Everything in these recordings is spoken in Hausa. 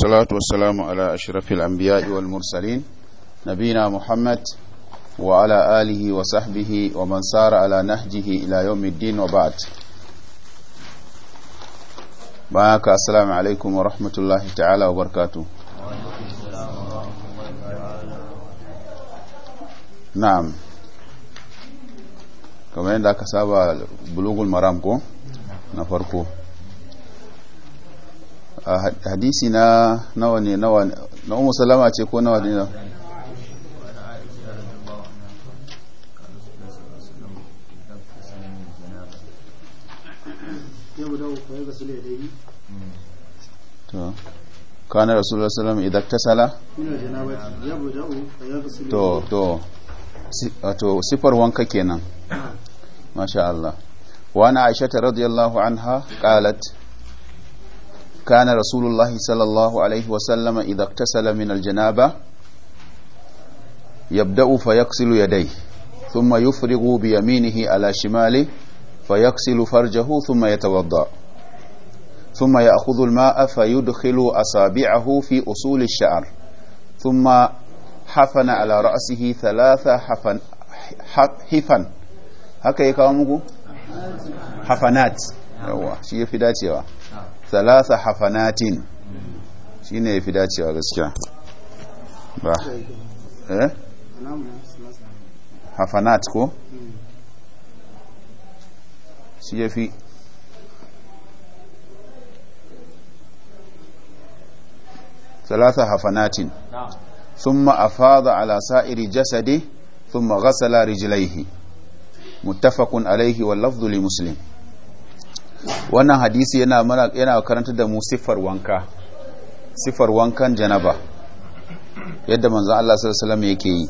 salatu wassalamu ala ashrafil anbiya'i wal mursalin nabina muhammad wa ala alihi wa sahbihi wa man sara ala nahjihi ila yawmiddin wa ba'd baraka assalamu alaikum wa rahmatullahi ta'ala wa barakatuh na'am kamar yadda aka saba bulugul maram ko na farko hadisi na nawa ne nawa na umu salama ce ko nawa ne na to kana idan ta sala to to to sifar wanka kenan ah. masha Allah wa na aisha radiyallahu anha qalat كان رسول الله صلى الله عليه وسلم إذا اغتسل من الجنابة يبدأ فيغسل يديه ثم يفرغ بيمينه على شماله فيغسل فرجه ثم يتوضأ ثم يأخذ الماء فيدخل أصابعه في أصول الشعر ثم حفن على رأسه ثلاثة حفن حفن هكا يكاومكو حفنات يوا أيوة، في داتيوا thalatha hafanatin shine yafi dacewa gaskiya ba eh hafanat ko shi yafi ثلاثة حفنات ثم أفاض على سائر جسده ثم غسل رجليه متفق عليه واللفظ لمسلم wannan hadisi yana mana yana karanta da mu sifar wanka sifar wankan janaba yadda manzon Allah sallallahu alaihi wasallam yake yi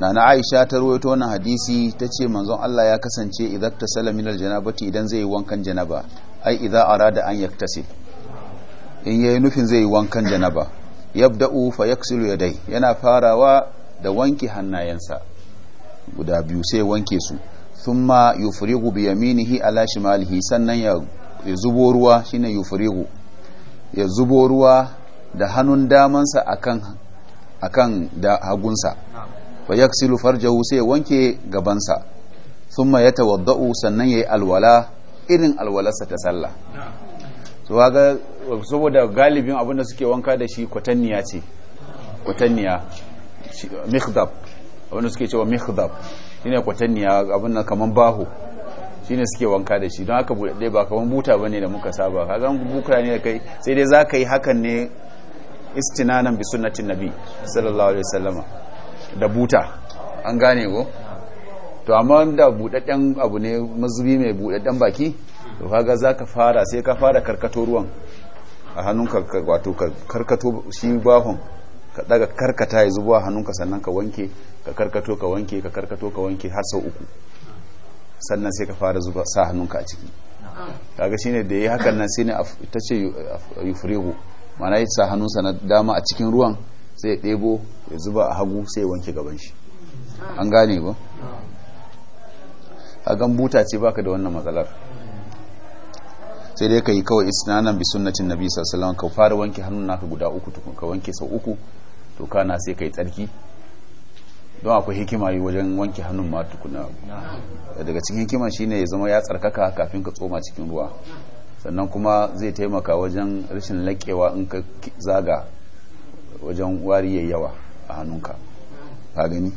nana Aisha ta ruwaito wannan hadisi ce, manzon Allah ya kasance idan tasala minal janabati idan zai yi wankan janaba ai idza arada an yaktasil in yayi nufin zai yi wankan janaba yabda'u fa yaksilu yadai yana farawa da wanke hannayensa guda biyu sai wanke su thumma yufrigu bi yaminihi ala shimalihi sannan ya zubo ruwa shine yufrigu ya zubo ruwa da hannun damansa akan akan da hagunsa fa yaksilu farjahu sai wanke gabansa thumma yatawaddau sannan yayi alwala irin alwalarsa ta sallah to ga saboda galibin abinda da suke wanka da shi kwatanniya ce kwatanniya mikhdab abin suke cewa shine kwatanniya abin nan kaman baho shine suke wanka da shi don haka dai ba kaman buta bane da muka saba kaga bukura ne kai sai dai zaka yi hakan ne istinanan bi sunnatin nabi sallallahu alaihi wasallama da buta an gane go to amma da budadden abu ne mazubi mai budadden baki to kaga zaka fara sai ka fara karkato ruwan a hannun wato karkato shi bahon ka daga karkata ya zubo a hannunka sannan ka wanke ka karkato ka wanke ka karkato ka wanke har sau uku sannan sai ka fara zuba sa hannunka a ciki kaga shine da yi hakan nan sai ne ta ce yufrihu mana ya sa hannunsa na dama a cikin ruwan sai ya ɗebo ya zuba a hagu sai ya wanke gaban shi an gane ba a gan buta ce baka da wannan matsalar sai dai ka yi kawai isnanan bi sunnatin nabi sallallahu alaihi wasallam ka fara wanke hannun naka guda uku tukun ka wanke sau uku to kana sai kai tsarki don akwai hikima yi wajen wanke hannun ma tukuna daga cikin hikima shine ya zama ya tsarkaka kafin ka tsoma cikin ruwa sannan kuma zai taimaka wajen rashin laƙewa in ka zaga wajen wari ya yawa a hannunka ka gani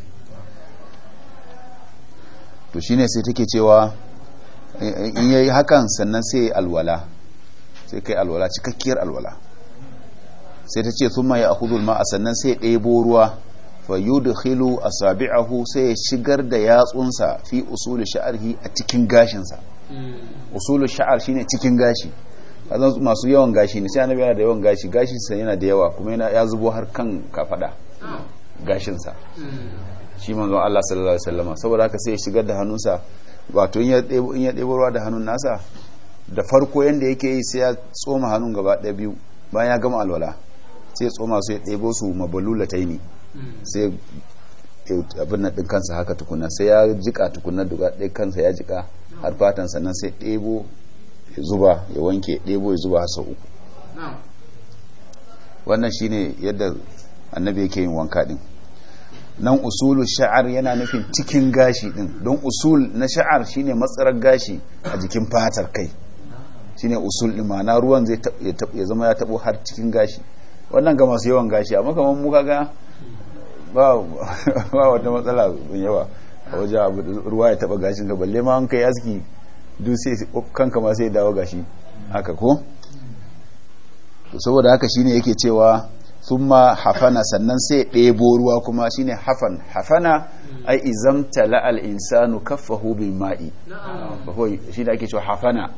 to shine sai take cewa in yi hakan sannan sai alwala sai kai alwala cikakkiyar alwala sai ta ce thumma ya akhudhu ma maa sannan sai ɗebo ruwa fa a asabi'ahu sai ya shigar da yatsunsa fi sha'ar sha'arhi a cikin gashinsa hmm. usulun sha'ar shi ne cikin gashi azan masu yawan gashi ne sai annabi yana da yawan gashi gashi sa yana da yawa kuma yana ya zubo har kan kafada ah. gashinsa hmm. shi manzon Allah sallallahu alaihi wasallam saboda haka sai ya shigar da hannunsa wato in ya in ya ɗebo ruwa da hannun nasa da farko yanda yake yi sai ya tsoma hannun gaba ɗaya biyu bayan ya gama alwala sai tsoma su ya ɗebo su mabalula taimi sai abin na ɗin kansa haka tukuna sai ya jika tukuna duka ɗai kansa ya jika har fatan sannan sai ɗebo ya zuba ya wanke ɗebo ya zuba sau uku wannan shine yadda annabi yake yin wanka ɗin nan usulu sha'ar yana nufin cikin gashi ɗin don usul na sha'ar shine matsarar gashi a jikin fatar kai shine usul ɗin ma'ana ruwan zai ya zama ya taɓo har cikin gashi wannan ga masu yawan gashi amma kamar mu kaga ba wata matsala don yawa a waje abu ruwa ya taba gashin ka balle ma an kai aski duk sai kanka ma sai dawo gashi haka ko saboda haka shine yake cewa thumma hafana sannan sai ɗebo ruwa kuma shine hafan hafana ai izam tala al insanu kaffahu bil ma'i shine ake cewa hafana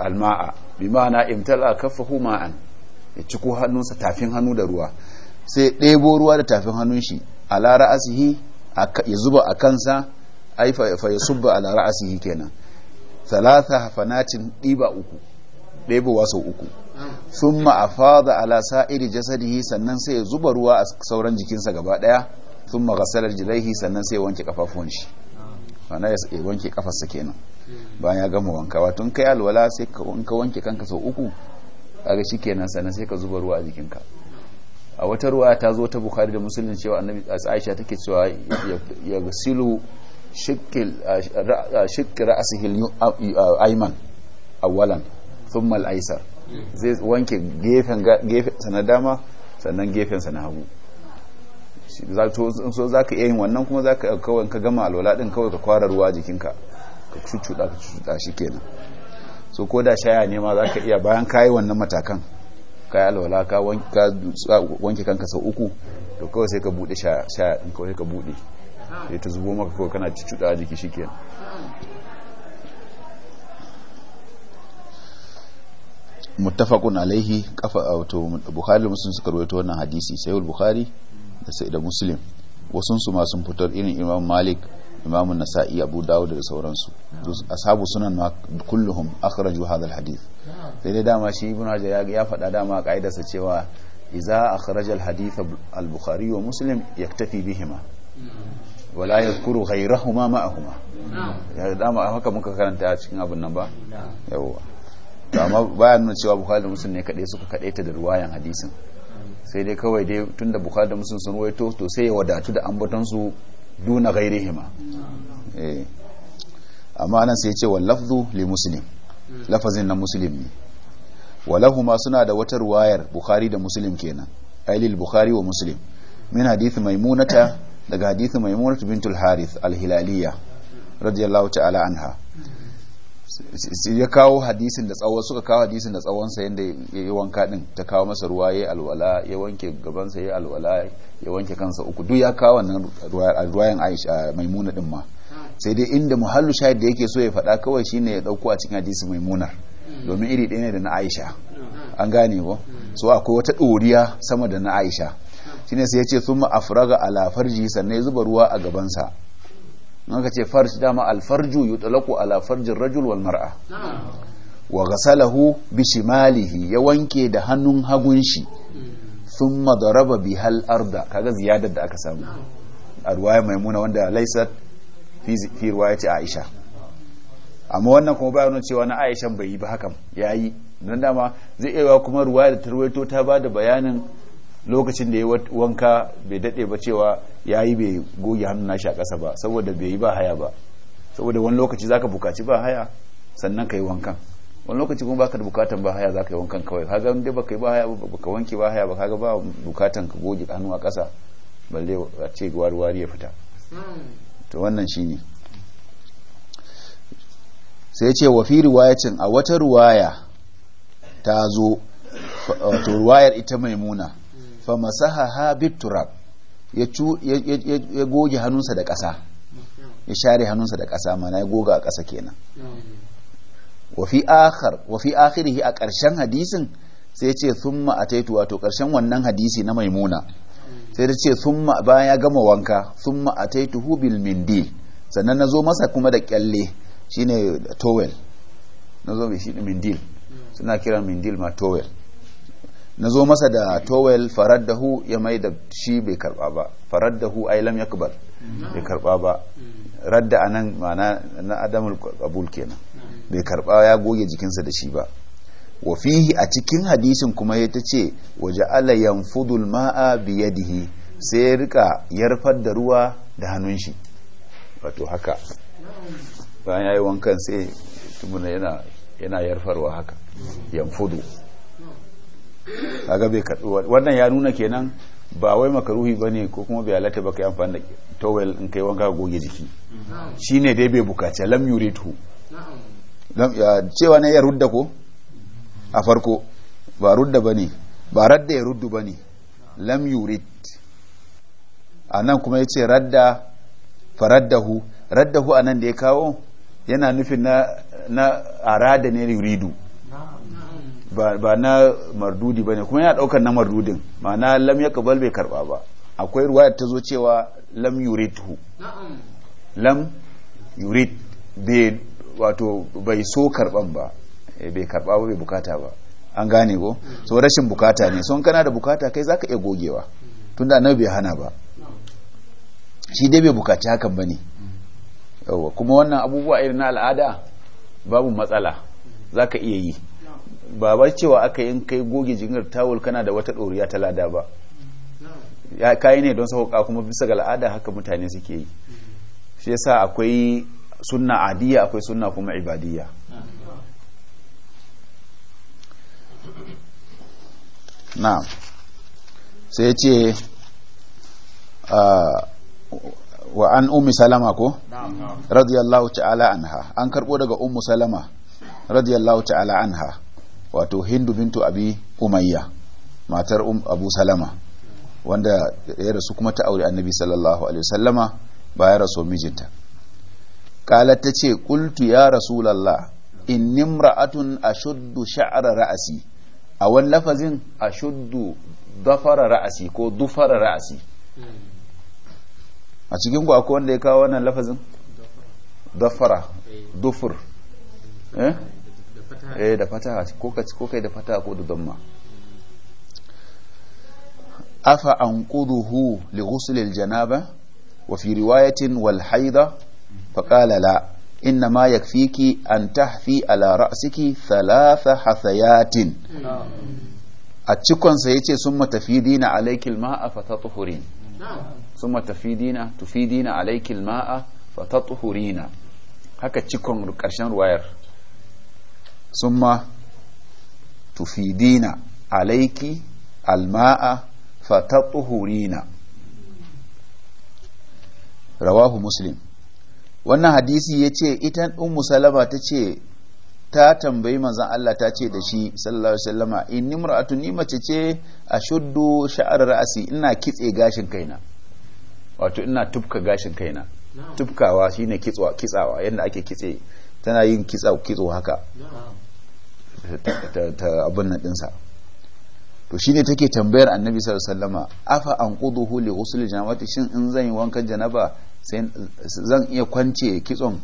al ma'a bi ma'ana imtala kaffahu ma'an ya ciko hannunsa tafin hannu da ruwa sai ɗebo ruwa da tafin hannun shi a lara asihi ya zuba a kansa ai fa ya subba lara asihi kenan thalatha hafanatin ɗiba uku ɗebowa sau uku sun ma'afada ala sa'iri jasadihi sannan sai ya zuba ruwa a sauran jikinsa gaba ɗaya sun magasarar jilaihi sannan sai ya wanke kafafuwan shi mana ya wanke kafarsa kenan bayan ya gama wanka watan kai alwala sai ka wanke kanka sau uku kaga kenan sannan sai ka zuba ruwa a jikinka a wata ruwa ta zo ta bukhari da musulun cewa annabi aisha take cewa ya gasilu shikil shikil ra'sihi ayman awwalan thumma al-aysar zai wanke gefen gefen sana dama sannan gefen sana hagu so za ka iya wannan kuma za ka kawai ka gama alwala din kawai ka kwara ruwa jikinka ka cuccuɗa ka cuccuɗa shi kenan so ko da shaya ne ma za ka iya bayan kayi wannan matakan kayi alwala ka wanke kanka sau uku to kawai sai ka bude shaya in kawai ka bude sai ta zubo maka kawai kana cucuɗa a jiki shikenan mutafakun alaihi kafa wato buhari musulun suka ta wannan hadisi sai buhari da sai da muslim su ma sun fitar irin imam malik imamun nasa'i abu dawo da sauransu ashabu sunan ma kulluhum akhraju hadha alhadith sai dai dama shi ibn hajar ya faɗa dama kaidarsa cewa idza akhraja alhadith al-bukhari wa muslim yaktafi bihima wala yadhkuru ghayrahuma ma'ahuma ya dama haka muka karanta a cikin abun nan ba yawa amma bayan nuna cewa bukhari da muslim ne kadai suka ta da ruwayan hadisin sai dai kawai dai tunda bukhari da muslim sun waito to sai ya wadatu da ambaton su duna gairi hima eh. amma nan sai ya ce wal li muslim lafazin na muslim ne walahuma suna da wata ruwayar bukhari da muslim kenan ailil bukhari wa muslim min hadith maimunata daga hadith maimunata bintul harith al-hilaliya radiyallahu ta'ala anha ya kawo hadisin da tsawon suka kawo hadisin da tsawonsa yadda ya yi wanka din ta kawo masa ruwa ya alwala ya wanke gabansa ya alwala ya wanke kansa uku duk ya kawo wannan ruwayan aisha maimuna din ma sai dai inda muhallu shahid da yake so ya faɗa kawai shine ya dauko a cikin hadisin maimunar domin iri ɗaya ne da na aisha an gane ba so akwai wata ɗoriya sama da na aisha shine sai ya ce sun afraga ala farji sannan ya zuba ruwa a gabansa in ce farji dama alfarju yutlaqu ala farjin rajul wal mar'a wa ghasalahu bi ya wanke da hannun hagun shi sun daraba bi hal arda kaga ziyadar da aka samu a ruwaya maimuna wanda laysat fi ruwaya ce aisha amma wannan kuma bayan cewa na aisha bai yi ba hakan ya yi don dama zai iya kuma ruwaya da tarwaito ta bada bayanin lokacin da ya wanka bai dade ba cewa ya yi bai goge hannun nashi a ƙasa ba saboda bai yi ba haya ba saboda wani lokaci zaka bukaci ba haya sannan ka yi wankan wani lokaci kuma baka da bukatan ba haya zaka yi wankan kawai kaga in dai baka yi ba haya ba baka wanke ba haya ba kaga ba bukatan ka goge hannu a ƙasa balle a ce wari ya fita to wannan shine sai ya ce wa fi riwayatin a wata riwaya ta zo wato riwayar ita maimuna ha bitturab ya goge hannunsa da ƙasa ya share hannunsa da ƙasa mana ya goga a ƙasa kenan wafi akhar a ƙarshen hadisin sai ce sun ma'ataitu wato ƙarshen wannan hadisi na maimuna sai ce sun bayan ya gama wanka sun ma'ataitu bil mindi sannan na zo masa kuma da kyalle shine towel na zo mai shi mindil suna kiran mindil ma towel na zo masa da towel da hu ya mai da shi bai karba ba hu ai lam yakbar bai karba ba radda anan mana na adamul qabul kenan bai karba ya goge jikinsa da shi ba wa fihi a cikin hadisin kuma ya tace waje ala yanfudul ma'a bi yadihi sai ya rika yarfar da ruwa da hannun shi wato haka bayan yayi wankan sai tumuna yana yana yarfarwa haka yanfudu kaga bai karɓi wannan ya nuna kenan ba wai makaruhi bane ko kuma bai halatta ba kai amfani da towel in kai wanka goge jiki shine dai bai bukaci lam yuritu cewa ne ya rudda ko a farko ba rudda bane ba radda ya ruddu bane lam yurit anan kuma yace radda faraddahu raddahu anan da ya kawo yana nufin na na arada ne yuridu ba na mardudi ba ne kuma yana ɗaukar na mardudin ma'ana lam ya kabal bai karɓa ba akwai ruwa ta zo cewa lam yuritu lam yurit bai wato bai so karɓan ba eh, bai karɓa ba bai bukata ba an gane ko so rashin bukata ne so kana da bukata kai zaka iya gogewa tunda annabi bai hana ba shi dai bai bukaci hakan ba ne kuma wannan abubuwa irin na al'ada babu matsala zaka iya yi ba ba cewa aka yin kai goge jingar tawul kana da wata ɗoriya ta lada ba ya kayi ne don sauka kuma bisa ga al'ada haka mutane suke yi shi yasa akwai sunna adiya akwai sunna kuma ibadiyya na'am sai ce wa an umu salama ko radiyallahu ta'ala anha an karbo daga ummu salama radiyallahu ta'ala anha wato hindu bintu abi umayya matar um abu salama wanda ya rasu kuma ta aure annabi sallallahu alaihi wasallama bayan rasu mijinta qalat ta ce qultu ya rasulullah inni imra'atun ashuddu sha'ra ra'asi a wani lafazin ashuddu dafara ra'asi ko dufara ra'asi a cikin ku akwai wanda ya kawo wannan lafazin dafara eh. dufur eh eh da fataha ko ka ko kai da fataha ko da damma afa anquduhu li ghusl al janaba wa fi riwayatin wal haida fa qala la inna ma yakfiki an tahfi ala ra'siki thalatha hasayatin a cikonsa ya ce sun matafidina alaikil ma'a fatatuhurin sun matafidina tufidina alaikil ma'a fatatuhurina haka cikon karshen ruwayar summa تفيدين alaiki alma'a فتطهرين rawahu muslim wannan hadisi ya ce ita ummu salama ta ce ta tambayi manzan Allah ta ce da shi sallallahu alaihi wasallama in mar'atu ni mace ce a shuddu sha'ar ra'asi ina kitse gashin kaina wato ina tufka gashin kaina tufkawa shine kitsawa yadda ake kitse tana yin kitsa kitso haka ta abin naɗinsa dinsa to shine take tambayar annabi sallallahu afa an quduhu li ghusl janabati shin in zan yi wankan janaba sai zan iya kwance kitson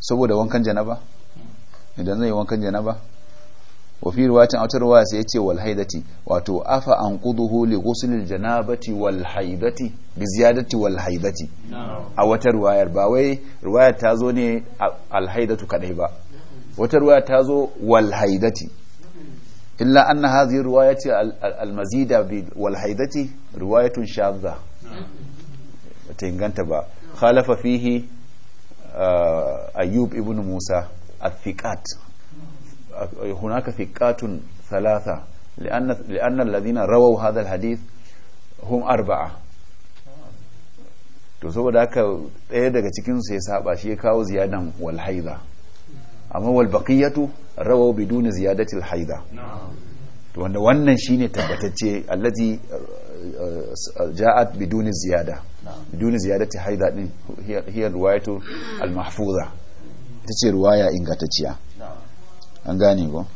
saboda wankan janaba idan zan yi wankan janaba wa fi ruwatin autar ruwa sai yace wal haidati wato afa an quduhu li ghusl janabati wal haidati bi ziyadati wal haidati a wata ruwayar ba wai ruwayar ta zo ne al haidatu kadai ba wata ruwa ta zo illa an na anna ruwa ya ce almazida bi ruwa ya tun shaza ta inganta ba khalafa fihi uh, ayyub ibn musa a fiƙat hunaka ka thalatha salasa لأن الذين رووا هذا الحديث hun arba'a to saboda haka ɗaya daga cikinsu ya saba shi ya kawo ziyadan walhaiza amma wal baqiyatu biduna biduni ziyadatil haida to wanda wannan shine tabbatacce allazi uh, uh, uh, ja'at biduna ziyada biduna ziyadati haida din hiya riwayatu al mahfuza ita ce riwaya ingantacciya an gane ko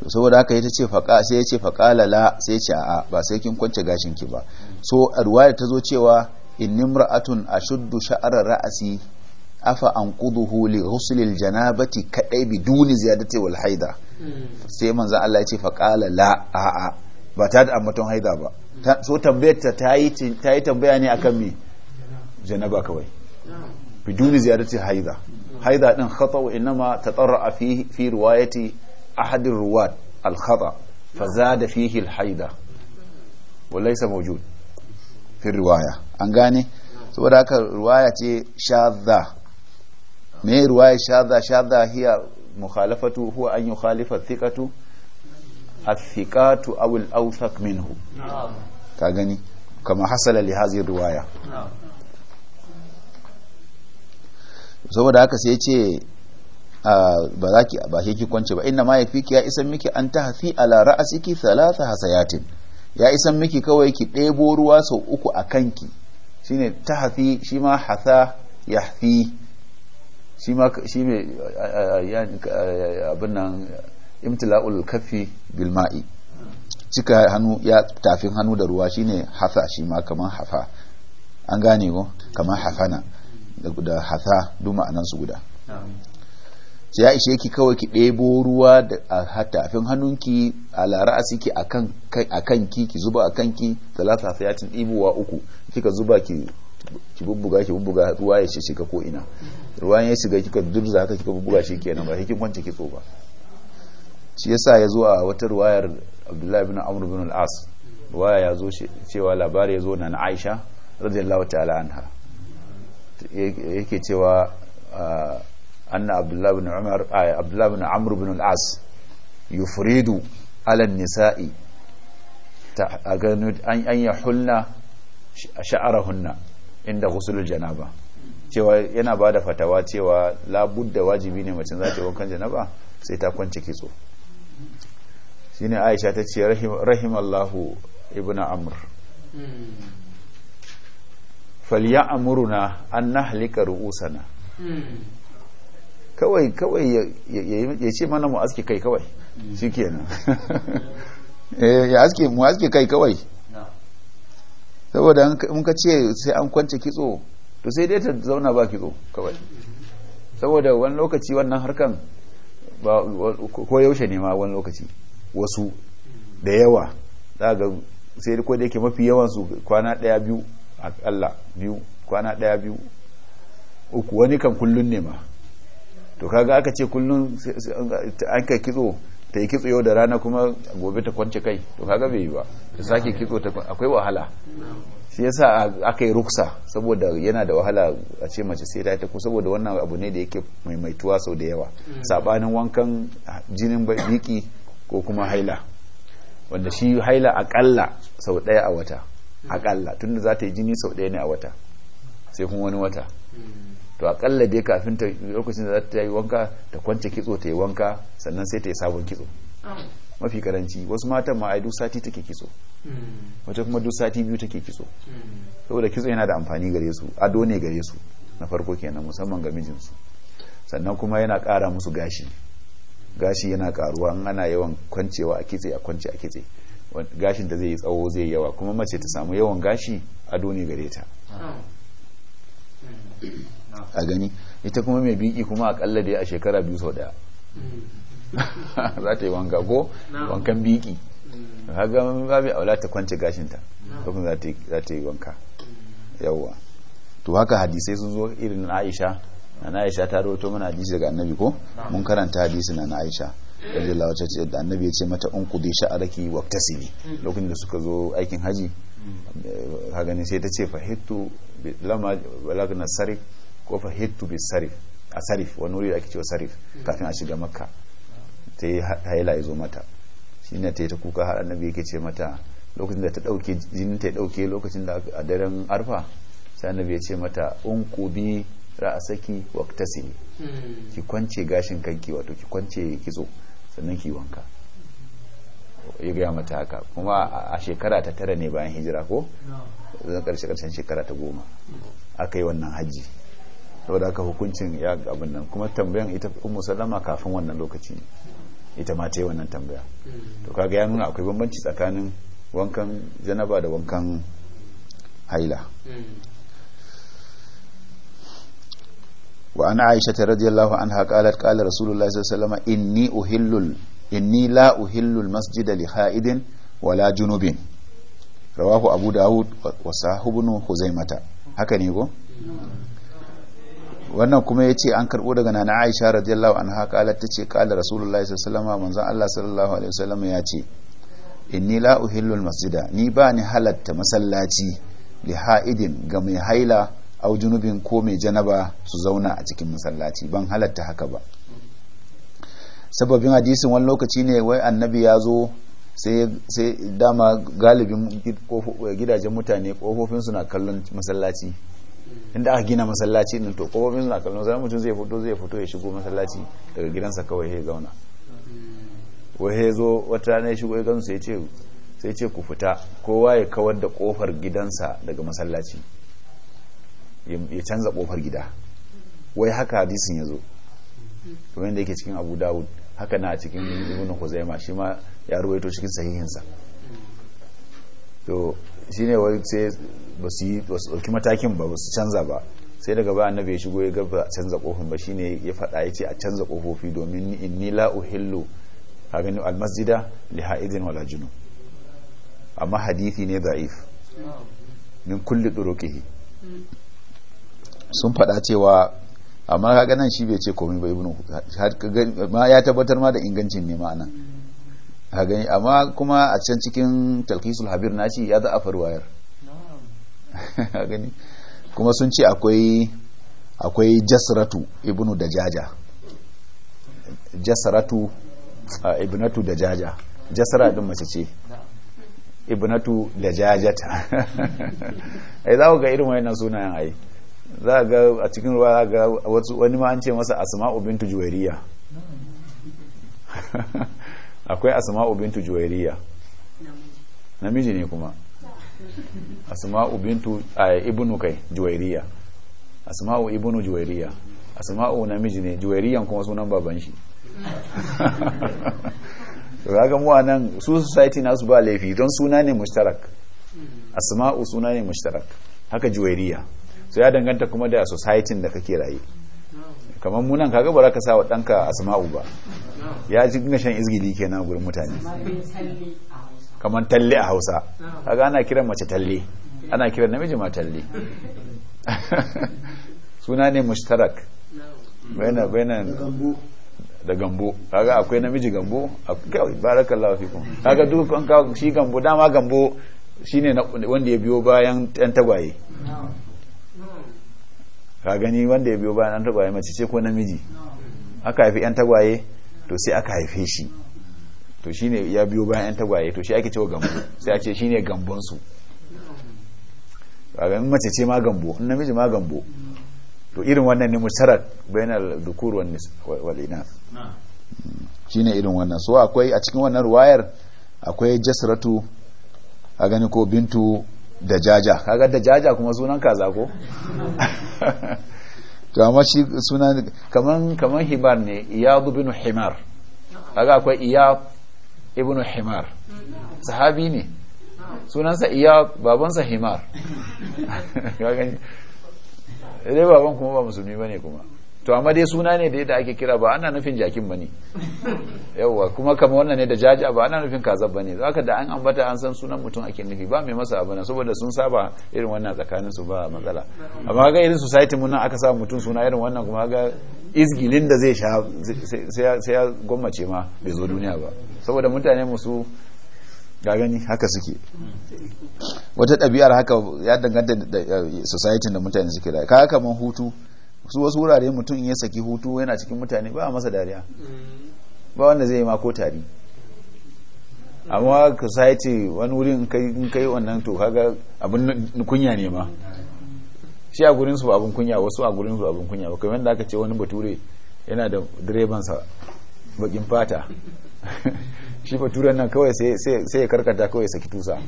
to saboda haka ita ce faqa sai ya ce faqala la sai ya ce a ba sai kin kwance gashin ki ba so riwaya ta zo cewa innimra'atun ashuddu sha'ara ra'asi afa an kudu huli rusulil janabati kadai duni ziyadati wal haida sai manzo Allah ya ce fa qala la a a ba ta da ammatun haida ba so tambayar ta tayi tayi tambaya ne akan me janaba kawai duni ziyadati haida haida din khata wa inma tatarra fi fi riwayati ahad ruwat al khata zada fihi al haida walaysa mawjud fi riwaya an gane saboda haka riwaya ce shadda me ruwaya shadha shadha hiya mukhalafatu huwa an yukhalifa thiqatu athiqatu aw awthaq minhu ka gani kama hasala li hadhihi saboda haka sai ce ba za ki ba ki kwance ba inna ma yakfiki ya isan miki an tahfi ala asiki thalatha hasayatin ya isan miki kawai ki ɗebo ruwa sau uku a kanki shine tahfi shima hasa hatha yahfi shi ma shi mai abin nan imtila'ul kafi bilmai cika hannu ya tafin hannu da ruwa shine hafa shi ma kaman hafa an gane ko kaman hafana da hafa duk ma'anan su guda ya ishe ki kawai ki ɗebo ruwa da tafin hannunki a a ki a kanki ki zuba a kanki talata sayatin ɗibowa uku kika zuba ki bubbuga ki bubbuga ruwa ya shiga ko ina ruwan ya shiga kika durza haka kika buga shi kenan ba hikin kwance kitso ba shi yasa ya zo a wata ruwayar abdullahi bin amr bin al-as ruwaya ya zo cewa labari ya zo na aisha radiyallahu ta'ala anha yake cewa ah, anna abdullahi bin umar ah, abdullahi bin amr bin al-as yufridu ala nisa'i ta an yahulna sha'arahunna inda ghusulul janaba cewa yana ba da fatawa cewa labudda wajibi ne macin za ta wankan janaba sai ta kwance kitso ne aisha ta ce rahim allahu ibn amr falya amuruna an nahlika ru'usana kawai kawai ya ce mana mu aske kai kawai shikenan eh, ya aske mu aske kai kawai saboda in ka ce sai an kwance kitso to sai dai ta zauna ba kitso kawai saboda wani lokaci wannan harkan ko yaushe ne ma wani lokaci wasu da yawa daga sai ko da yake mafi yawansu kwana daya biyu akalla biyu kwana daya biyu uku wani kan kullun ne ma to kaga aka ce kullun an ka kitso ta yi kitso yau da rana kuma gobe ta kwance kai to kaga bai yi ba ta sake kitso ta akwai wahala sai yasa aka yi ruksa saboda yana da wahala a ce mace sai ta ko saboda wannan abu ne da yake maimaituwa sau da yawa mm. sabanin wankan jinin biki ko kuma haila wanda shi haila akalla sau daya a wata mm. akalla tunda za ta yi jini sau daya ne a wata sai kuma wani wata mm. to akalla dai kafin ta lokacin da za ta yi wanka ta kwance kitso ta yi wanka sannan sai ta yi sabon kitso oh. mafi karanci wasu matan ma ai duk sati take kitso hmm. wata kuma duk sati biyu take kitso hmm. saboda kitso yana da amfani gare su ado ne gare su na farko kenan musamman ga mijinsu sannan kuma yana kara musu gashi gashi yana karuwa in ana yawan kwancewa a kitse a kwance a kitse gashin da zai yi tsawo zai yawa kuma mace ta samu yawan gashi ado ne gare ta oh. hmm. a gani ita kuma mai biki kuma akalla dai a shekara biyu sau daya za ta yi wanka ko wankan biki haga mm. babu aula ta kwanci gashinta kafin za ta yi wanka mm. yawwa to haka hadisai sun zo irin aisha na aisha ta roto mana hadisi daga annabi ko mun karanta hadisi na aisha radiyallahu ta ce da annabi ya ce mata un unqudi sha'araki waqtasili mm. lokacin da suka zo aikin haji eh, kaga gani sai ta ce fahittu lama balagna sarif ko fahittu bi sarif a sarif wani wuri ake cewa sarif kafin a shiga makka sai haila ya zo mata shi ne ta yi ta kuka har annabi yake ce mata lokacin da ta ɗauke jinin ta ɗauke lokacin da a daren arfa sai annabi ya ce mata unku bi ra'asaki waktasili hmm. ki kwance gashin kanki wato ki kwance kitso sannan ki wanka ya gaya mata haka kuma a shekara ta tara ne bayan hijira ko zan karshe karshen shekara ta goma aka yi wannan hajji saboda aka hukuncin ya abin nan kuma tambayan ita ummu musallama kafin wannan lokaci ita ma ta yi wannan tambaya mm. to kaga ya nuna akwai bambanci tsakanin wankan janaba da wankan haila mm. wa ana aisha ta radiyallahu an haƙalar ƙalar rasulullah sallama inni uhillul inni la uhillul li ha'idin wala junubin rawahu abu dawud wa huzai mata haka ne ko mm. wannan kuma ya ce an karɓo daga nana aisha radiyallahu anha ta ce qala rasulullahi sallallahu alaihi wasallam Allah sallallahu alaihi wasallam ya ce inni la uhillu masjida ni ba ni halatta masallaci li ha'idin ga mai haila au junubin ko mai janaba su zauna a cikin masallaci ban halatta haka ba sababin hadisin wani lokaci ne wai annabi ya zo sai dama galibin gidajen mutane kofofin na kallon masallaci inda aka gina masallaci din to kofofin suna kallon sai mutum zai fito zai fito ya shigo masallaci daga gidansa kawai ya zauna wai ya zo wata rana ya shigo ya gansu sai ce ku fita kowa ya kawar da kofar gidansa daga masallaci ya canza kofar gida wai haka hadisin ya zo kuma yadda yake cikin abu dawud haka na a cikin ibn huzaima shi ma ya ruwaito cikin sahihinsa to shine wai sai ba su ɗauki matakin ba ba canza ba sai daga ba annabi ya shigo ya gaba canza kofin ba shine ya faɗa ya ce a canza kofofi domin inni la uhillu hagan almasjida li haidin wala amma hadithi ne da'if min kulli duruqihi sun faɗa cewa amma kaga nan shi bai ce komai ba ibnu ma ya tabbatar ma da ingancin ne ma'ana amma kuma a can cikin talqisul habir nashi ya a afar wayar gani kuma sun ce akwai akwai jasratu ibnu dajaja jasratu ibnatu dajaja jasra din mace ce ibnatu dajajata ai za ku ga irin wayannan sunayen ai za ga a cikin ruwa za ga wani ma an ce masa asma'u bintu juwairiya akwai asma'u bintu juwairiya namiji ne kuma asma'u bintu eh, ibnu kai juwairiya asma'u ibnu juwairiya asma'u namiji ne juwairiyan kuma sunan baban shi to kaga mu anan su society nasu ba laifi don suna ne mushtarak asma'u suna ne mushtarak haka juwairiya so ya danganta kuma da society da kake raye kamar munan kaga ba za ka sa wa ɗanka asma'u ba ya ji shan izgili kenan gurin mutane kamar talle a hausa ah. kaga ana kiran mace talle eh. ana kiran namiji ma talle suna ne mushtarak baina baina da gambo kaga akwai namiji gambo akwai barakallahu fikum kaga duk kan kawo shi gambo dama gambo shine wanda ya biyo bayan yan tagwaye ka gani wanda ya biyo bayan yan tagwaye mace ce ko namiji aka haifi yan tagwaye to sai aka haife shi to shine ya biyo bayan yan tagwaye to shi ake cewa gambo sai a ce shine gambon su a mace ce ma gambo in namiji ma gambo to irin wannan ne musarat bainal dhukur wan wal inath shine irin wannan so akwai a cikin wannan ruwayar akwai jasratu a gani ko bintu da jaja kaga da jaja kuma sunan kaza ko to amma shi sunan kaman kaman hibar ne iyad bin himar kaga akwai iyad ibn himar sahabi ne sunansa iya babansa himar dai baban kuma ba musulmi ne kuma to amma dai suna ne da ake kira ba ana nufin jakin ne yawa kuma kama wannan ne da jaja ba ana nufin kazab bane zaka da an ambata an san sunan mutum ake nufi ba mai masa abana saboda sun saba irin wannan tsakanin su ba matsala amma ga irin society mun nan aka sa mutum suna irin wannan kuma ga izgilin da zai sha sai ya gwammace ma bai zo duniya ba saboda mutane musu ga gani haka suke wata ɗabi'ar haka ya danganta da society da mutane suke da kaka kaman hutu su wasu wurare mutum in ya saki hutu yana cikin mutane ba masa dariya ba wanda zai yi mako tari amma society wani wurin kai wannan to kaga abin kunya ne ma shi a gurin su ba abun kunya wasu a gurin su abun kunya ba kamar da aka ce wani bature yana da direban sa bakin fata shi baturen nan kawai sai ya karkata kawai saki tusa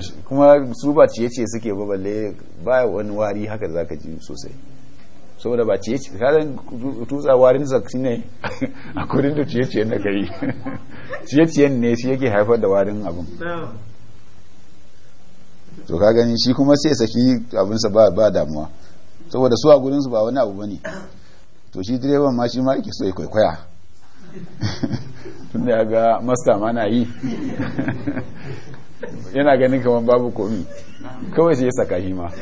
kuma su ba ciye-ciye suke ba balle ba wani wari haka za ka ji sosai saboda ba ciye-ciye kadan tusa warin zaki ne a kurin da ciye ciye na kai ciye ciye ne shi yake haifar da warin abin to ka gani shi kuma sai saki abinsa ba ba damuwa saboda su a gurin su ba wani abu bane to shi direban ma shi ma yake so ya kwaikwaya tunda ya ga masta ma na yi yana ganin kamar babu komi kawai sai ya saka shi ma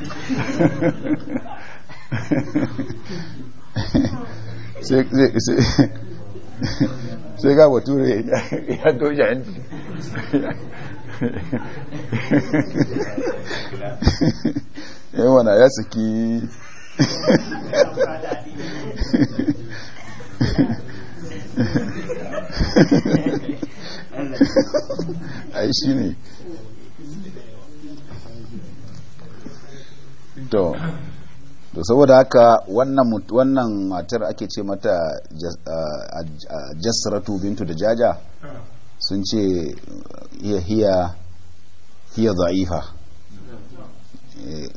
sai ga bature ya doja yawana eh, ya saki ai shi ne to to saboda haka wannan wannan matar ake ce mata ah, ah, jasratu bintu da jaja sun ce iya hiya hiya za'ifa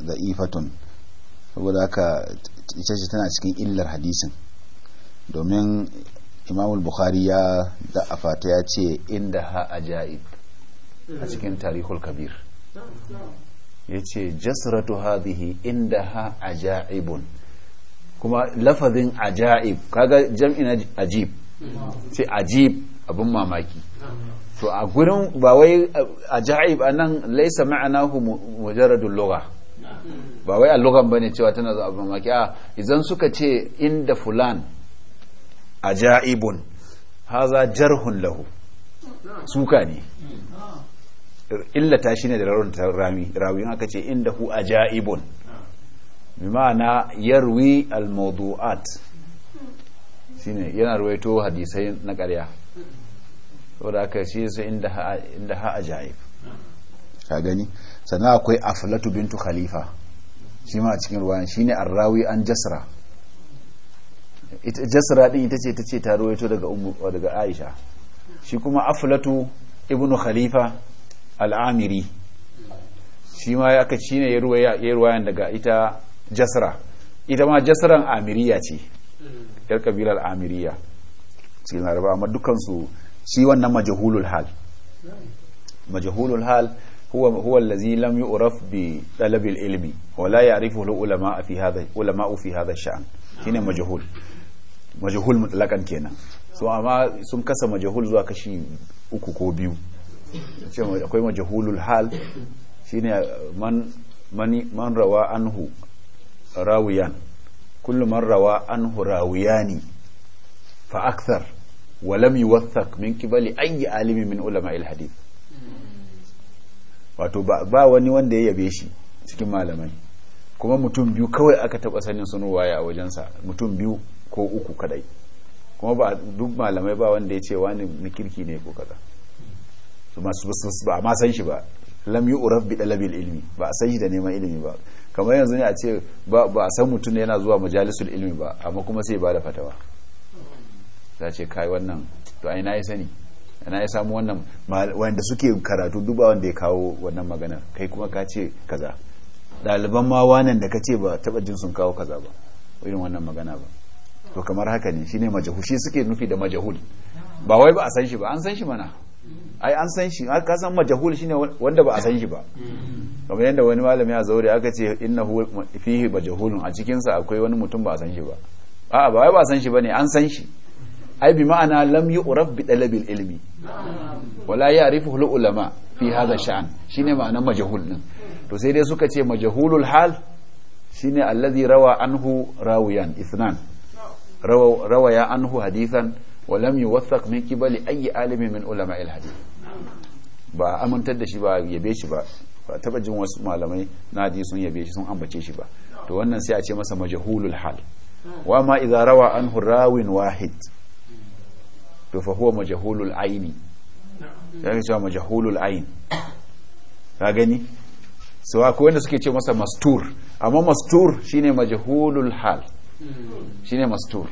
za'ifatun eh, saboda haka ita ce tana cikin illar hadisin domin imamul bukhari ya da'afa ta ya ce inda ha ajaib a cikin tarihul kabir ya ce jasratu hadhihi inda ha ajaibun kuma lafazin ajaib kaga jam'in ajib ce ajib abin mamaki to a gurin ba wai a ja'ib anan laisa ma'anahu mujaradun lugha ba wai a ba ne cewa tana za abin maki a izan suka ce inda fulan a ja'ibun haza jarhun lahu suka ne illata shi ne da rarun rami rawi aka ce inda hu a ja'ibun bimana yarwi al-mawdu'at shine yana ruwaito hadisai na karya. saboda aka shi su inda ha ajaib ka gani sannan akwai aflatu bintu khalifa shi ma a cikin ruwan shi ne arrawi an jasra jasra din ita ce ta ce ta ruwaito daga aisha shi kuma aflatu ibnu khalifa al'amiri shi ma aka ci ne ya ruwayan daga ita jasra ita ma jasran amiriya ce yar kabilar amiriya cikin harba amma dukansu shi wannan majahulul hal majahulul hal huwa huwa allazi lam yu'raf bi talab ilmi wa la ya'rifu ulama fi hadha ulama fi hadha sha'an shine mutlaqan kenan so amma sun kasa majhul zuwa kashi uku ko biyu ce akwai hal shine man man man rawa anhu rawiyan kullu man rawa anhu rawiyani fa akthar wa lam min kibali ayi alimi min ulama il wato ba wani wanda ya yabe shi cikin malamai kuma mutum biyu kawai aka taba sanin sun waya a sa mutum biyu ko uku kadai kuma ba duk malamai ba wanda ya ce wani na kirki ne ko kaza ba ma san shi ba lam yi uraf bi dalabil ilmi ba a san shi da neman ilimi ba kamar yanzu ne a ce ba a san mutum yana zuwa majalisul ilmi ba amma kuma sai ba da fatawa ta ce kai wannan to ai na yi sani na yi samu wannan wanda suke karatu duba wanda ya kawo wannan magana kai kuma ka ce kaza ɗaliban ma wanan da ka ce ba taɓa jin sun kawo kaza ba irin wannan magana ba to kamar haka ne shine majahul shi suke nufi da majahul ba wai ba a san shi ba an san shi mana ai an san shi ka san majahul shine wanda ba a san shi ba kamar yadda wani malami a zaure aka ce innahu fihi majahulun a cikin sa akwai wani mutum ba a san shi ba a'a ba wai ba a san shi bane an san shi ai bi ma'ana lam yu'raf bi talabil ilmi wala ya'rifuhu al ulama fi haza sha'an shine ma'anar majhul ɗin to sai dai suka ce majahulul hal shine allazi rawa anhu rawiyan isnan rawa rawaya anhu hadisan wa lam yuwaththaq min qibali ayi alimi min ulama al hadis ba amintar da shi ba yabe shi ba ba taba jin wasu malamai na hadisi sun yabe shi sun ambace shi ba to wannan sai a ce masa majhulul hal wa ma idza rawa anhu rawin wahid to fa huwa majhulul aini kaga cewa majhulul ain ka gani so akwai wanda suke ce masa mastur amma mastur shine majhulul hal shine mastur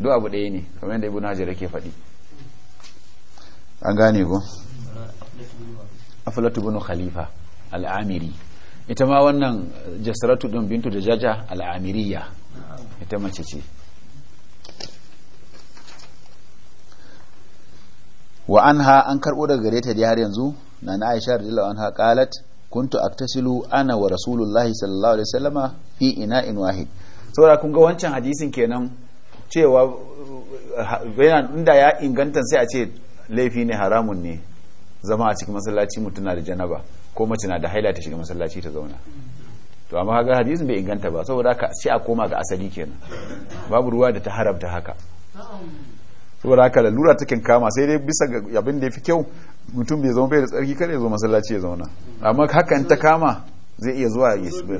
duk abu ɗaya ne kamar yadda ibnu hajar yake faɗi an gane ko Afalatu ibn khalifa al ita ma wannan jasratu ɗin bintu da jaja al ita mace ce wa ha an karbo daga gare ta har yanzu na na Aisha radiyallahu anha qalat kuntu aktasilu ana wa rasulullahi sallallahu alaihi wasallama fi in wahid saboda kun ga wancan hadisin kenan cewa bayan inda ya inganta sai a ce laifi ne haramun ne zama a cikin masallaci mutum na da janaba ko mace na da haila ta shiga masallaci ta zauna to amma kaga hadisin bai inganta ba saboda haka sai a koma ga asali kenan babu ruwa da ta haramta haka saboda haka lalura take kama sai dai bisa ga abin da yafi kyau mutum bai zama bai da tsarki kada ya zo masallaci ya zauna amma hakan ta kama zai iya zuwa ya su bai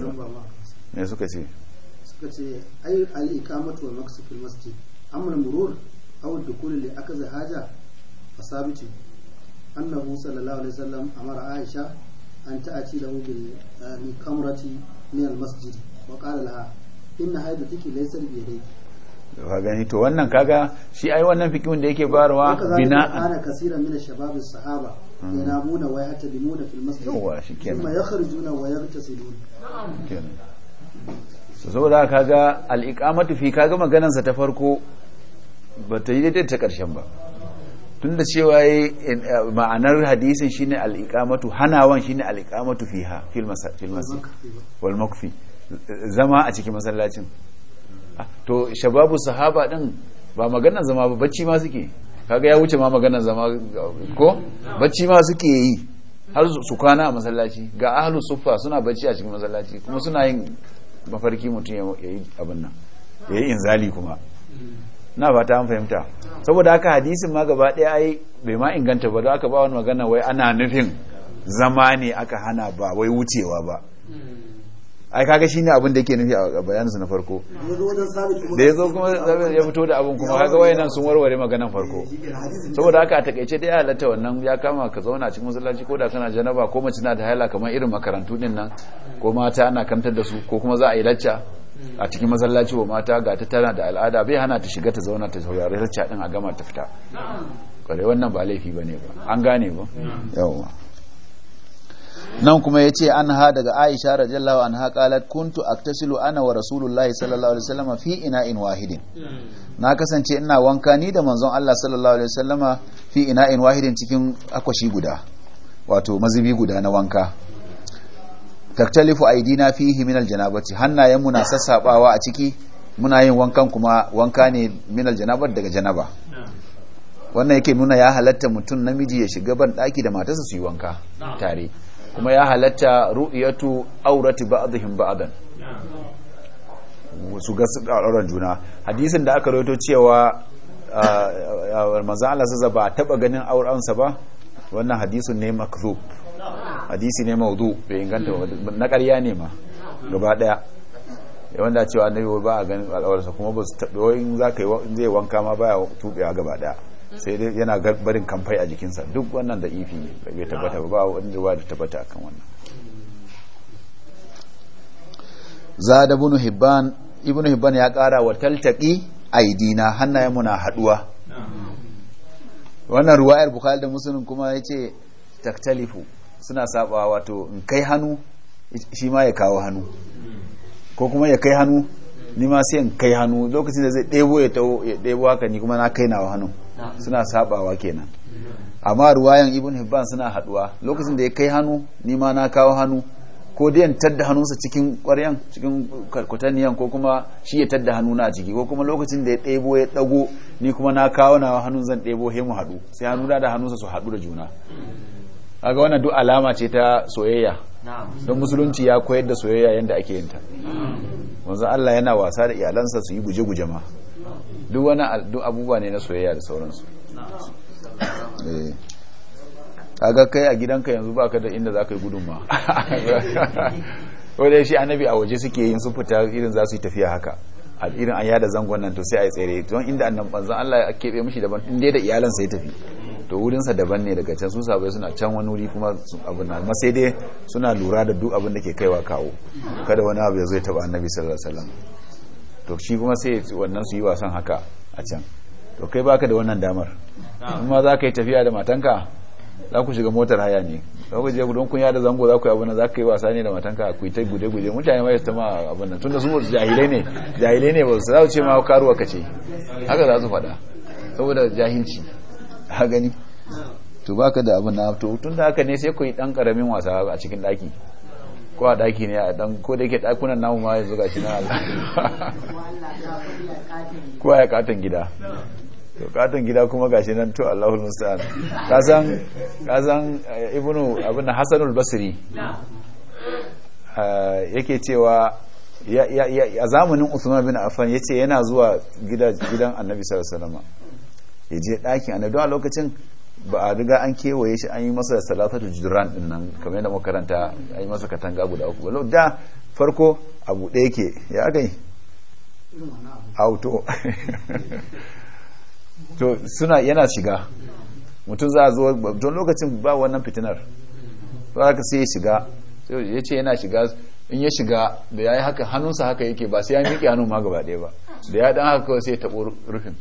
ne suka ce suka ce ay al ikamatu wa maqsu fil masjid amma al-murur aw ad li akaza haja asabiti annabi sallallahu alaihi wasallam amara aisha an ta'ati lahu bil eh, kamrati min al-masjid wa qala laha inna tiki laysa bi yadayki gani to wannan kaga shi ai wannan fikihun da yake barawa bina kana kasira min shabab sahaba hmm. yanamuna wa yahtabimuna fil masjid yawa shikenan kuma yakhrujuna wa yaghtasilun kenan so saboda kaga al iqamatu fi kaga maganar sa ta farko ba ta yi daidai ta karshen ba tunda cewa eh, eh, ma'anar hadisin shine al iqamatu hanawan shine al iqamatu fiha fil masjid wal makfi zama a cikin masallacin to shababu sahaba din ba maganar zama ba bacci ma suke kaga ya wuce ma maganar zama ko bacci ma suke yi har su kwana a masallaci ga ahlus suffa suna bacci a cikin masallaci kuma suna yin mafarki mutum ya yi abin nan ya yi inzali kuma na fata an fahimta saboda haka hadisin ma gaba ɗaya ai bai ma inganta ba don aka ba wani magana wai ana nufin zama ne aka hana ba wai wucewa ba ai kaga shine abin da yake nufi a bayaninsa na farko da ya zo kuma ya fito da abin kuma kaga wayannan sun warware maganan farko saboda haka a takaice dai halatta wannan ya kama ka zauna cikin masallaci ko da kana janaba ko mace na da haila kamar irin makarantu din nan ko mata ana kantar da su ko kuma za a yi lacca a cikin masallaci wa mata ga ta tana da al'ada bai hana ta shiga ta zauna ta saurari lacca din a gama ta fita kwarai wannan ba laifi bane ba an gane ba yawa nan kuma ya ce an ha daga aisha radiyallahu anha qalat kuntu aktasilu ana wa rasulullahi sallallahu alaihi wasallama fi ina'in wahidin na kasance ina wanka ni da manzon Allah sallallahu alaihi wasallama fi ina'in wahidin cikin akwashi guda wato mazubi guda na wanka taktalifu aidina fihi min aljanabati hannayen mu na sassabawa a ciki muna yin wankan kuma wanka ne min aljanabat daga janaba wannan yake nuna ya halatta mutum namiji ya shiga ban daki da matarsa su yi wanka tare kuma ya halatta ru'iyatu aurati ba'dihim ba'dan su ga su auren juna hadisin da aka rawaito cewa manzo Allah sai ba taba ganin aurensa ba wannan hadisin ne makzub hadisi ne maudu bai inganta na ƙarya ne ma gaba daya wanda cewa annabi ba a ganin al'awarsa kuma ba su taɓa in zai wanka ma baya tuɓewa gaba daya sai dai yana barin kamfai a jikinsa duk wannan da ifi bai tabbata ba wani ruwa da tabbata akan wannan zada bunu hibban ibnu hibban ya kara wa taltaqi aidina hannayen muna na haduwa wannan ruwayar bukhari da muslim kuma ce taktalifu suna sabawa wato in kai hannu shi ma ya kawo hannu ko kuma ya kai hannu ni ma sai in kai hannu lokacin da zai ɗebo ya ɗebo haka ni kuma na kai nawa hannu suna sabawa kenan amma ruwayan ibn hibban suna haduwa lokacin da ya kai hannu ni ma na kawo hannu ko dai in tadda hannunsa cikin ƙwaryan cikin kwataniyan ko kuma shi ya tadda hannuna a ciki ko kuma lokacin da ya ɗebo ya ɗago ni kuma na kawo na hannun zan ɗebo he mu haɗu sai hannu da hannunsa su haɗu da juna kaga wannan duk alama ce ta soyayya don musulunci ya koyar da soyayya yadda ake yin ta wanzu Allah yana wasa da iyalansa su yi guje-guje ma duk wani abubuwa ne na soyayya da sauransu eh. kaga kai a gidanka yanzu ba ka da inda za ka yi gudunma wanda shi annabi a waje suke yin sun fita irin za su yi tafiya haka a irin an yada zangon nan to sai a yi tsere don inda annan banzan Allah ya keɓe mishi daban inda da iyalansa ya tafi to wurinsa daban ne daga can su sabai suna can wani wuri kuma abu na masai dai suna lura da duk abin da ke kaiwa kawo kada wani abu ya zo ya taba annabi sallallahu alaihi wasallam to shi kuma sai wannan su yi wasan haka a can to kai baka da wannan damar amma za ka yi tafiya da matanka za ku shiga motar haya ne za ku je gudun kun yada zango za ku yi abunan za ka yi wasa ne da matanka ku yi ta guje-guje mutane ma ta abunan tun nan tunda su jahilai ne jahilai ne ba su za su ce ma karuwa ka ce haka za su faɗa saboda jahilci a gani to baka da abun na to da haka ne sai ku yi dan karamin wasa a cikin daki ko a daki ne a dan ko da yake dakunan namu ma yanzu gashi na Allah ko ya katon gida to katon gida kuma gashi nan to Allahul musta'an kasan kasan eh, ibnu abin hasanul basri eh, yake cewa a zamanin Usman bin Affan yace yana zuwa gidan annabi sallallahu alaihi wasallam yaje je annabi a lokacin ba a riga an kewaye shi an yi masa salatatu jiran din nan kamar yadda makaranta an yi masa katanga guda uku ba da farko abu ɗaya ke ya gai auto to suna yana shiga mutum za a zo don lokacin ba wannan fitinar ba haka sai ya shiga ya ce yana shiga in ya shiga da ya yi haka hannunsa haka yake ba sai ya miƙe hannun ma gaba ɗaya ba da ya dan haka kawai sai ya taɓo rufin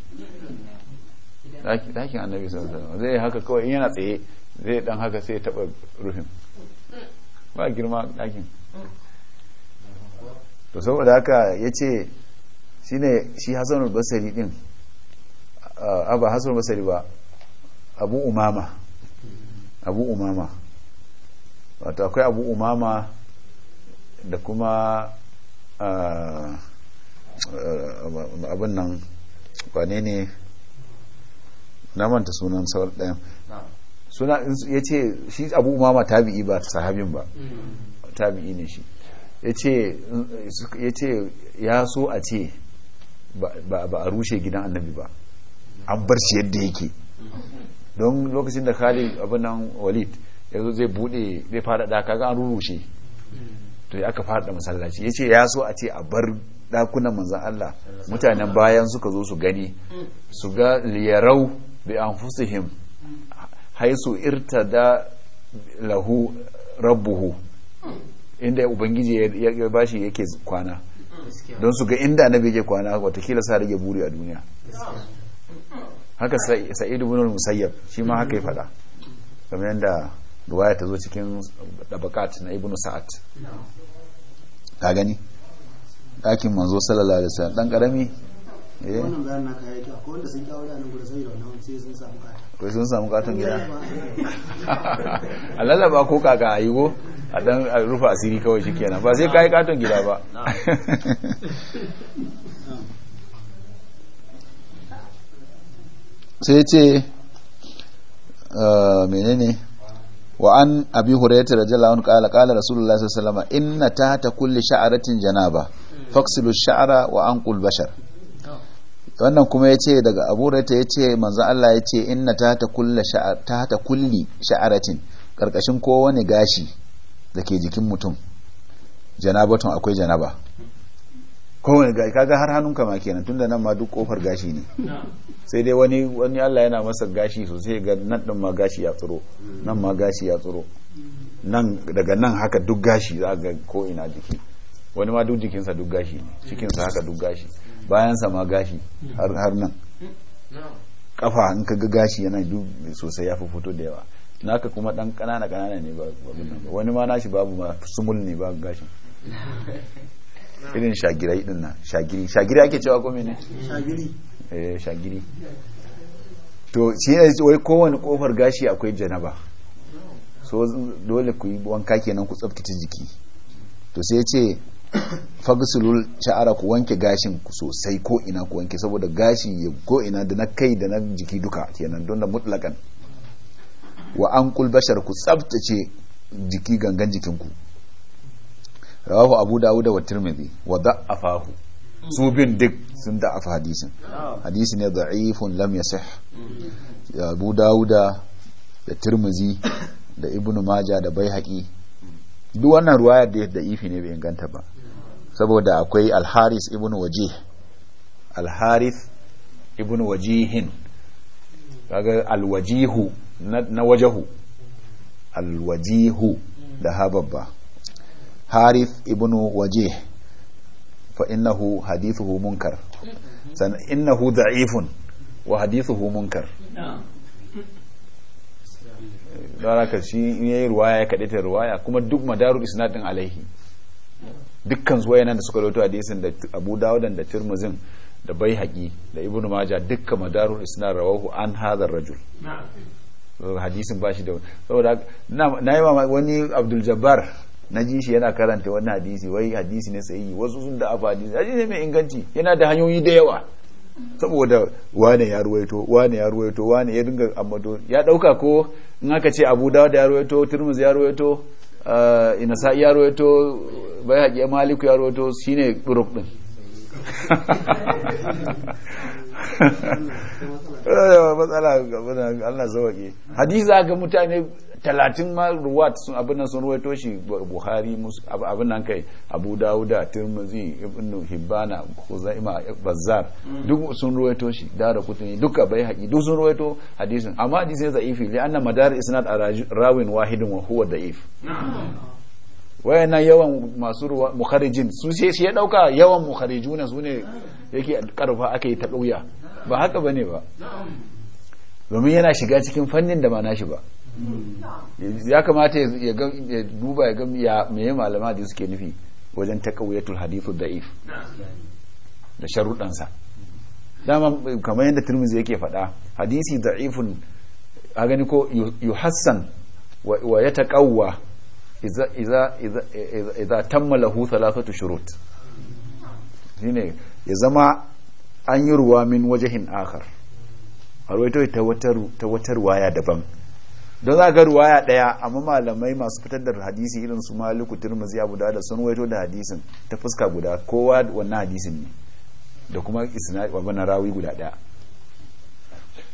dakin annabi sun alaihi zai zai haka kawai in yana tsaye zai dan haka sai ya taba rufin ba girma dakin to saboda haka ya ce shi shi al-Basri din aba ba hasan basri ba Abu Umama Abu Umama wato akwai Abu Umama da kuma abin nan kwane ne na manta sunan sauran ɗayan suna ya ce shi abu umama tabi'i ba sahabin ba mm. tabi'i ne shi ya ce ya so a ce ba a rushe gidan annabi ba an bar shi yadda yake don lokacin da khalid abinan walid ya zo zai bude zai faɗaɗa kaga an rushe mm. to ya aka da masallaci ya ce ya so a ce a bar ɗakunan manzan Allah mutanen bayan suka zo su gani mm. su ga liyarau bi anfusihim haisu da lahu rabbuhu inda ubangiji ya bashi yake kwana don su ga inda na bege kwana watakila sa rage buri a duniya haka sa'id ibn musayyab shi ma haka ya fada kamar yadda ruwaya ta zo cikin dabakat na ibn sa'ad ka gani ɗakin manzo sallallahu da wasallam ɗan karami Eh? wannan bayan na kayan ta ko wanda sun kawo aure a gudu sai da wannan sai sun samu kata to sun samu katon gida Allah ba ko kaka ayi go a dan rufa asiri kawai shi kenan ba sai kai katon gida ba sai ce ah, menene wa an abi hurairah radiyallahu anhu qala qala rasulullahi sallallahu alaihi wasallam inna tahta kulli sha'ratin janaba faksilu sha'ara wa anqul bashar wannan kuma ya ce daga abu ta ya ce manzan Allah ya ce inna ta ta kulli sha'aratin ƙarƙashin kowane gashi da ke jikin mutum janabatun akwai janaba kowane gashi kaga har hannunka ma kenan tunda nan ma duk kofar gashi ne sai dai wani wani Allah yana masa gashi sosai ga nan din ma gashi ya tsiro nan ma gashi ya tsiro nan daga nan haka duk gashi za ga ko ina jiki wani ma duk jikinsa duk gashi ne cikinsa haka duk gashi bayan sama gashi har nan kafa in ka ga gashi yana sosai ya fi fito da yawa naka kuma dan kanana kanana ne ba wani ma nashi babu ma sumul ne ba gashi irin shagirai din nan shagiri shagiri ake cewa ko mene shagiri eh shagiri to shi ne wai kowane kofar gashi akwai janaba so dole ku yi wanka kenan ku tsaftace jiki to sai ya ce fagsulul sha'ara ku wanke gashin ku sosai ko ina ku wanke saboda gashin ya ko ina da na kai da na jiki duka kenan don da mutlakan wa an kulbashar ku tsabtace jiki gangan jikinku. ku rawahu abu dawud wa tirmidhi wa da'afahu su bin duk sun da'afa hadisin hadisi ne da'ifun lam yasih abu dawud da tirmidhi da ibnu maja da baihaqi duk wannan ruwayar da da'ifi ne bai inganta ba saboda akwai alharis ibn wajih alharis ibn wajihin kaga alwajihu na wajahu alwajihu da hababba Harif ibn wajih fa innahu hadithuhu munkar san innahu da'ifun wa hadithuhu munkar da raka shi ne ruwaya ya kaɗe ta ruwaya kuma duk madarul isnadin alaihi dukkan zuwa yana da suka rawaito hadisin da Abu Dawud da Tirmidhi da Baihaqi da Ibn Majah dukkan madarul isnad rawahu an hadha rajul hadisin bashi da saboda na yi mamaki wani Abdul Jabbar na ji shi yana karanta wani hadisi wai hadisi ne sai wasu sun da afa hadisi hadisi mai inganci yana da hanyoyi da yawa saboda wane ya ruwaito wane ya ruwaito wane ya dinga ambato ya dauka ko in aka ce Abu Dawud ya ruwaito Tirmidhi ya ruwaito Eh, ina sa iya rawaito bai haƙi maliku ya rawaito shine group ɗin. Eh, matsala Allah sauƙi Hadiza ga mutane talatin ma ruwat sun abin nan sun ruwaito shi buhari abin nan kai abu dawuda tirmizi ibn hibbana kuzaima bazzar duk sun ruwaito shi dara kutuni duka bai haƙi duk sun ruwaito hadisin amma ya za'ifi li anna madar isnad rawin wahidin wa huwa da'if wayannan yawan masu ruwa mukharijin su sai shi ya dauka yawan mukharijuna su ne yake karfa aka yi ta ba haka bane ba domin yana shiga cikin fannin da ba shi ba ya kamata ya duba ya ga me malama da suke nufi wajen taqawiyatul hadithu da'if da sharuɗansa dama kamar yadda turmizi yake faɗa hadisi da'ifun a gani ko hassan wa ya taƙawwa iza tammalahu thalathatu shurut shine ya zama an yi ruwa min wajahin akar a ta wata ruwaya daban don za ga ruwaya daya amma malamai masu fitar da hadisi irin su maliku zai abu da sun waito da hadisin ta fuska guda kowa wannan hadisin ne da kuma isnad wa rawi guda daya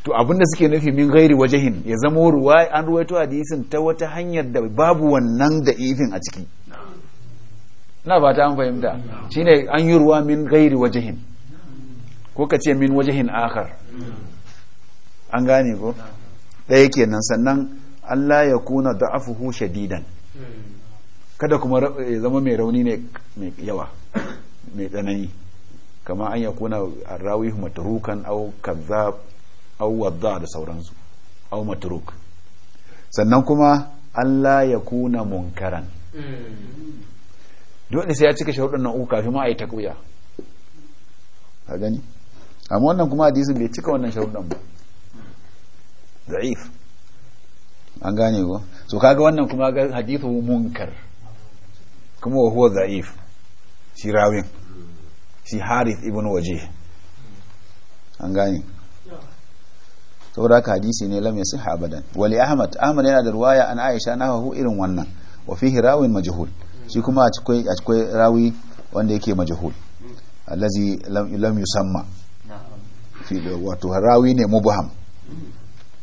to abinda suke nufi min gairi wajahin ya zama ruwaya an ruwaito hadisin ta wata hanyar da babu wannan da ifin a ciki na ba ta an fahimta shine an yi ruwa min gairi wajahin ko ka ce min wajahin akar an gane ko ɗaya kenan sannan Allah ya kuna da'afuhu shadidan kada kuma ya zama mai rauni ne mai yawa mai tsanani kama an ya kuna rawi matrukan au kazzab au wadda da sauransu au maturuk sannan kuma Allah ya kuna munkaran dole sai ya cika sharuɗin nan uku kafin ma a yi gani amma wannan kuma hadisin bai cika wannan sharuɗin ba da'if an gane ko so kaga wannan kuma ga hadithu munkar kuma wa huwa da'if shi rawin shi harith ibn waje an gane saboda haka hadisi ne lam yasih abadan wali ahmad ahmad yana da ruwaya an aisha nahahu irin wannan wa fihi rawin majhul shi kuma a cikin rawi wanda yake majhul allazi lam yusamma fi wato rawi ne mubham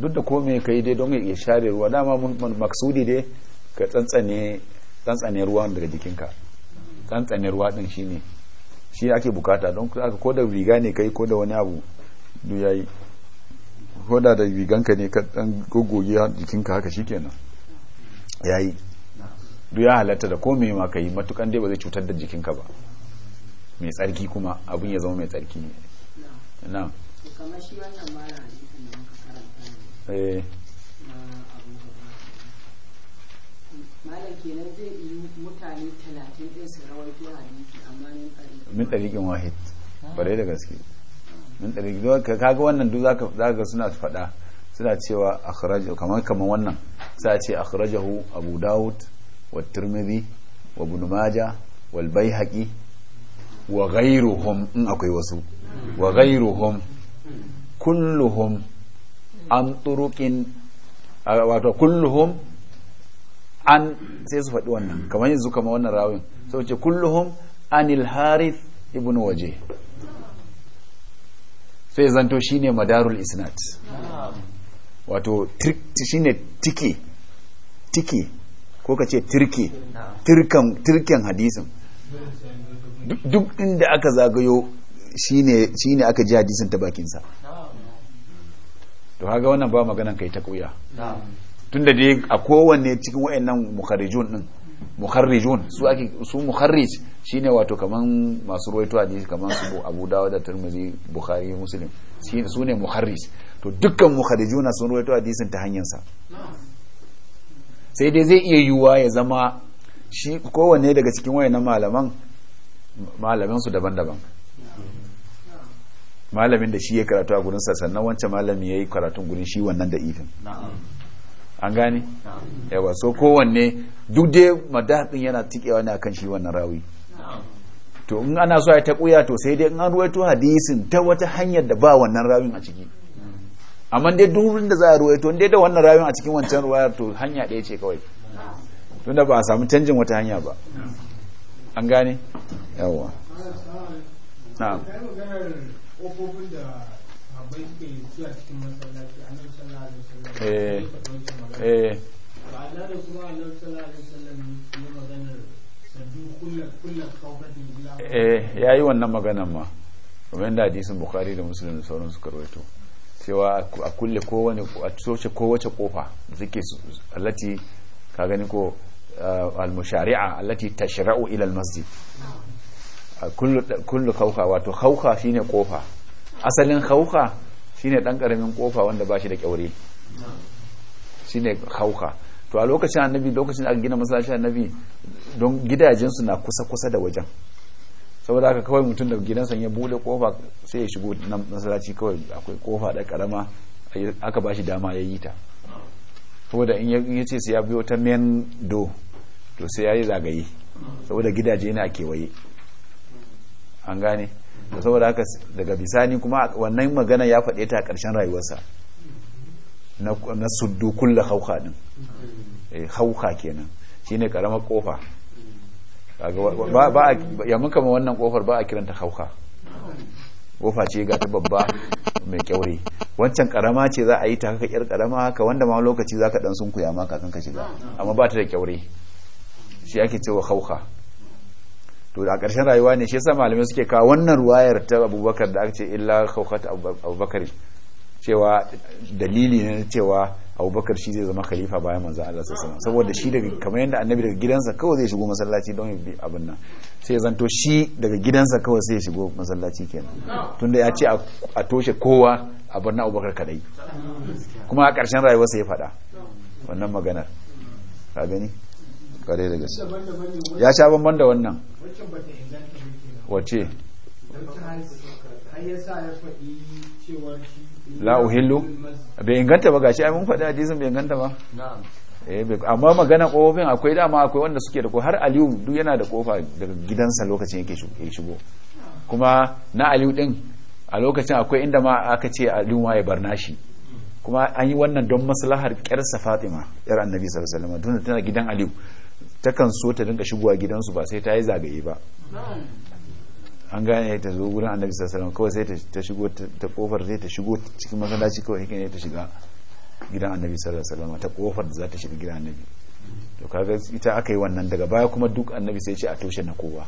duk da kome ka yi don ya share ruwa dama maksudi dai ka tsantsane ruwa daga jikinka tsantsane ruwa din shi ne shi ake bukata don aka ko da riga ne ka yi ko da wani abu duk ya yi ko da da riganka ne ka dan gogoge jikinka haka shikenan ya yi duk ya halatta da kome ma ka yi matukan dai ba zai cutar da jikinka ba mai tsarki kuma abin ya zama mai tsarki ne kamar shi wannan eh min ɗariƙin wahid ɓare da gaske min ɗariƙin don ka kaga wannan duk za zaka suna faɗa suna cewa akhrajahu kamar kamar wannan za a ce akhrajahu Abu Dawud wa Tirmidhi wa Ibn Majah wal Baihaqi wa ghayruhum in akwai wasu hmm. wa ghayruhum kulluhum an turukin wato kulluhum an sai su faɗi wannan kamar yanzu kamar wannan rawin sau ce kulluhum anil harith ibn waje sai zanto ne madarul isnat wato shi ne tiki tiki ko ka ce tirki tirken hadisin duk inda aka zagayo shi ne aka ji hadisin ta bakinsa to kaga wannan ba maganan kai ta kuya tunda dai a kowanne cikin wayannan mukharrijun din mukharrijun su ake su mukharrij shine wato kaman masu ruwaito hadisi kaman su Abu Dawud da Tirmidhi Bukhari Muslim shine sune mukharrij to dukkan mukharrijuna sun ruwaito hadisin ta hanyar sa sai dai zai iya yiwuwa ya zama shi kowanne daga cikin nan malaman malaman su daban-daban malamin da shi ya karatu a gurin sannan wancan malami ya yi karatun gurin shi wannan da ifin an gane yawa so kowanne duk dai madadin yana tikewa ne akan shi wannan rawi to in ana so ya ta kuya to sai dai in an ruwaito hadisin ta wata hanyar da ba wannan rawin a ciki mm. amma dai wurin da za a ruwaito dai da wannan rawin a cikin wancan ruwayar to hanya ɗaya ce kawai tunda ba a samu canjin wata hanya ba an gane yawa na'am ƙofofin da sahabbai suke zuwa cikin masallaci a nan alaihi wasallam eh eh ba da kuma annabi sallallahu alaihi wasallam ne maganar eh ya yi wannan maganan ma kamar da hadisin bukari da musulun sauran su karwaito cewa a kulle kowane a soce kowace kofa suke allati ka gani ko eh, al allati tashra'u ila al-masjid kullu khawka wato khawka shine kofa asalin khawka shine dan karamin kofa wanda ba shi da kyaure shine khawka to a lokacin annabi lokacin da aka gina masallacin annabi don gidajen su na kusa kusa da wajen saboda haka kawai mutum da gidansa ya bude kofa sai ya shigo nan masallaci kawai akwai kofa da karama aka ba shi dama ya yi ta saboda in ya ce sai ya biyo ta men do to sai ya yi zagaye saboda gidaje yana kewaye an gane da saboda haka daga bisani kuma wannan magana ya faɗe ta a ƙarshen rayuwarsa na suddu kulla hauka din eh, hauka kenan shine karamar kofa ba ya muka ma wannan kofar ba a kiranta hauka kofa ce ga ta babba mai kyaure wancan karama ce za a yi ta haka yar karama haka wanda ma lokaci zaka dan kuya ma kafin ka shiga amma ba ta da kyaure shi ake cewa hauka to a ƙarshen rayuwa ne shi yasa malamai suke kawo wannan ruwayar ta abubakar da aka ce illa kaukat abubakar cewa dalili ne cewa abubakar shi zai zama khalifa bayan manzo Allah sallallahu saboda shi daga kamar yadda annabi daga gidansa kawai zai shigo masallaci don bi abin nan sai ya zanto shi daga gidansa kawai sai shigo masallaci kenan tunda ya ce a toshe kowa a bar abubakar kadai kuma a ƙarshen rayuwarsa ya faɗa wannan maganar ka kare da gaske ya sha bamban da wannan wace la uhillu bai inganta ba gashi ai mun faɗi hadisin bai inganta ba eh, amma magana kofofin akwai dama akwai wanda suke da ko har aliyu duk yana da kofa daga gidansa lokacin yake shigo kuma na aliyu din a lokacin akwai inda ma aka ce aliyu ma ya barna shi kuma an yi wannan don maslahar sa fatima yar annabi sallallahu alaihi wasallam tana gidan aliyu takan so ta dinka shigowa gidansu ba sai ta yi zagaye ba an gane ta zo wurin annabi sallallahu kawai sai ta shigo ta kofar sai ta shigo cikin masallaci kawai hikin ne ta shiga gidan annabi sallallahu ta kofar da za ta shiga gidan annabi to kaga ita aka yi wannan daga baya kuma duk annabi sai ce a toshe na kowa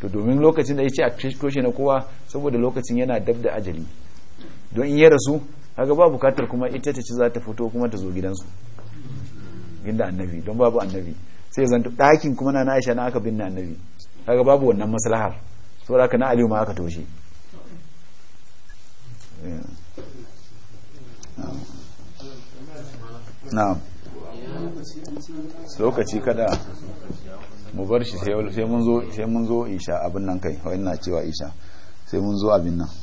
to domin lokacin da ya ce a toshe na kowa saboda lokacin yana dab da ajali don in ya rasu kaga ba bukatar kuma ita ta ci za ta fito kuma ta zo gidansu inda annabi don babu annabi sai zanto ɗakin kuma na aisha na aka binne annabi kaga babu wannan maslahar saboda haka na aliyu ma aka toshe eh. na'am lokaci kada mu bar shi sai mun zo sai mun zo isha abin nan kai wa ina cewa isha sai mun zo abin nan